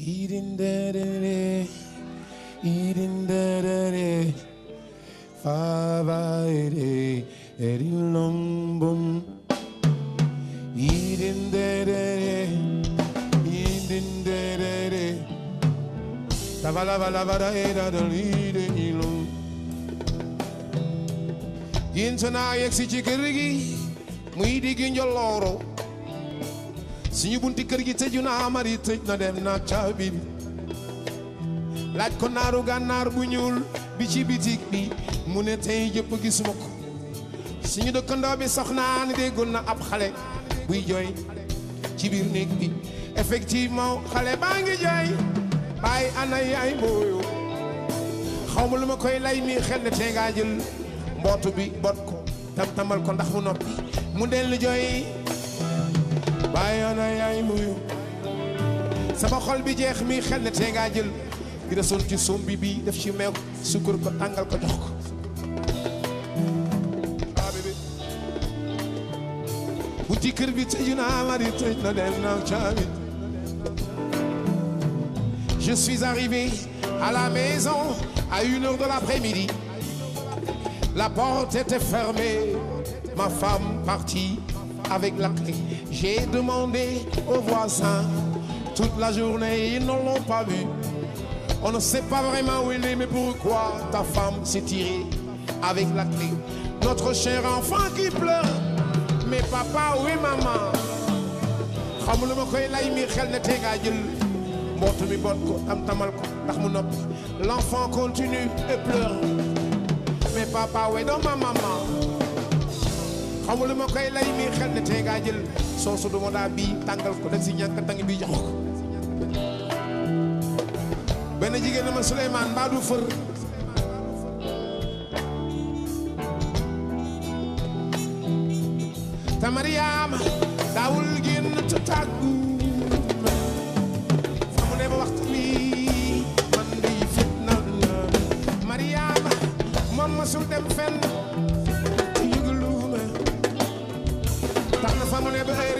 Eating da da da, eating da da da, five eight eight, eating long boom. Eating da da da, eating da da da, lava lava lava da da da, eating long. Intona exigirigi, muidi ginjoloro. suñu bunti kër gi tëju na mari tëj na dem na caabi bi laaj ko naaru gànnaar bu ñuul bi ci bitig bi mu ne tey jëpp gisuma ko suñu dëkkandoo bi soxnaa ni déggoon na ab xale buy jooy ci biir néeg bi effectivement xale baa ngi jooy bàyyi ana yaay mbooyo xaw lu ma koy lay nii xel ne tey mbootu bi bot ko tam ko ndax mu noppi mu dellu jooy waaye yoona yaay muyu sama xol bi jeex mi xel na tee ngaa jël di desoon ci sombi bi def ci meew sukkur ko tangal ko jox ko bunti kër bi tëju naa ma di tëj na dem na caabi je suis arrivé à la maison à une heure de l'après-midi la porte était fermée ma femme partie avec la clé. J'ai demandé aux voisins toute la journée, ils ne l'ont pas vu. On ne sait pas vraiment où il est, mais pourquoi ta femme s'est tirée avec la clé. Notre cher enfant qui pleure, mais papa, oui maman. l'enfant continue et pleure mais papa oui ma maman xamu lu ma koy lay mi xel ne tey ngaa jël soosu du daa bii tàngal ko def si ñàkk tàng bi jox ko benn jigéen na ma Souleymane mbaa du fër te Mariama daawul génn te tàggu neighborhood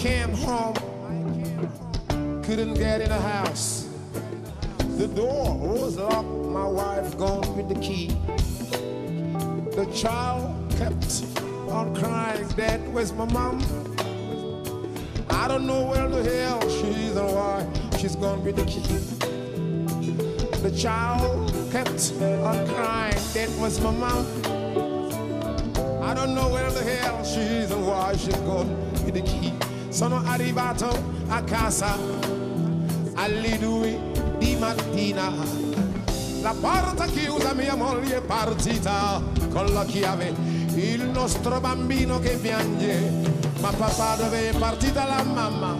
came home, couldn't get in the house. The door was locked, my wife gone with the key. The child kept on crying, Dad, where's my mom? I don't know where the hell she is or why she's gone with the key. The child kept on crying, Dad, where's my mom? I don't know where the hell she is and why she's gone with the key. sono arrivato a casa alle due di mattina. La porta chiusa, mia moglie è partita con la chiave, il nostro bambino che piange. Ma papà dove è partita la mamma?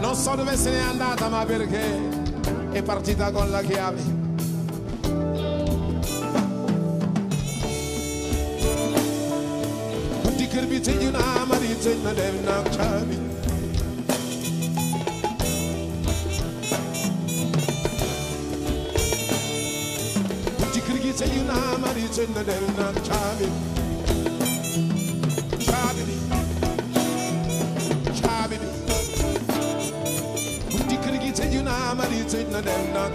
Non so dove se n'è andata, ma perché è partita con la chiave. could be taking our money, taking them now, Charlie. But you could be taking our money, taking them now, Charlie. Charlie. Charlie. But you could get taking our money, taking them now,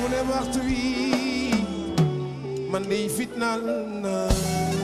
mu ne waxtu wi man dey fitnaal na